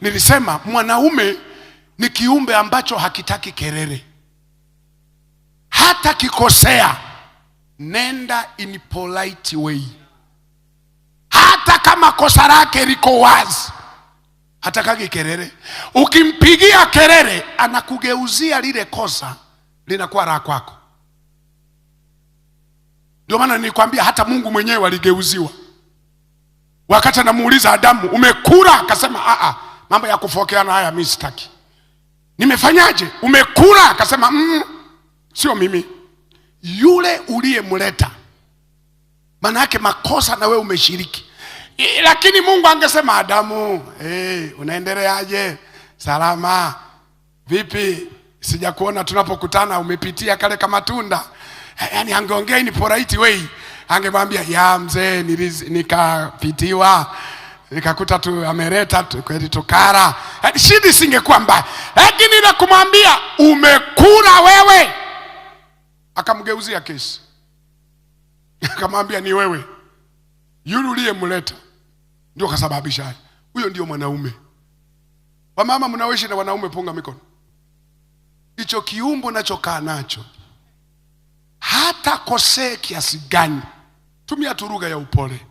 nilisema mwanaume ni kiumbe ambacho hakitaki kelele. Hata kikosea, nenda in polite way, hata kama kosa lake liko wazi hatakagi kelele. Ukimpigia kelele, anakugeuzia lile kosa linakuwa raha kwako. Ndio maana nilikwambia hata Mungu mwenyewe aligeuziwa wakati anamuuliza Adamu, umekula? Akasema a a mambo ya kufokea na haya mimi sitaki. Nimefanyaje? Umekula? Akasema mm, sio mimi, yule uliyemleta. Maana yake makosa na we umeshiriki. I, lakini Mungu angesema Adamu, hey, eh, unaendeleaje? Salama vipi? Sijakuona tunapokutana, umepitia kale ka matunda. Yaani angeongea ni poraiti wei, angemwambia ya mzee, nikapitiwa ikakuta tu amereta tu kweli tukara, eh, shidi singekuwa mbaya, lakini na kumwambia umekula wewe, akamgeuzia kesi, akamwambia ni wewe yule uliyemleta ndio kasababisha huyo, ndio mwanaume. Wamama mnaoishi na wanaume, punga mikono. Hicho kiumbo nachokaa nacho, hata kosee kiasi gani, tumia turugha ya upole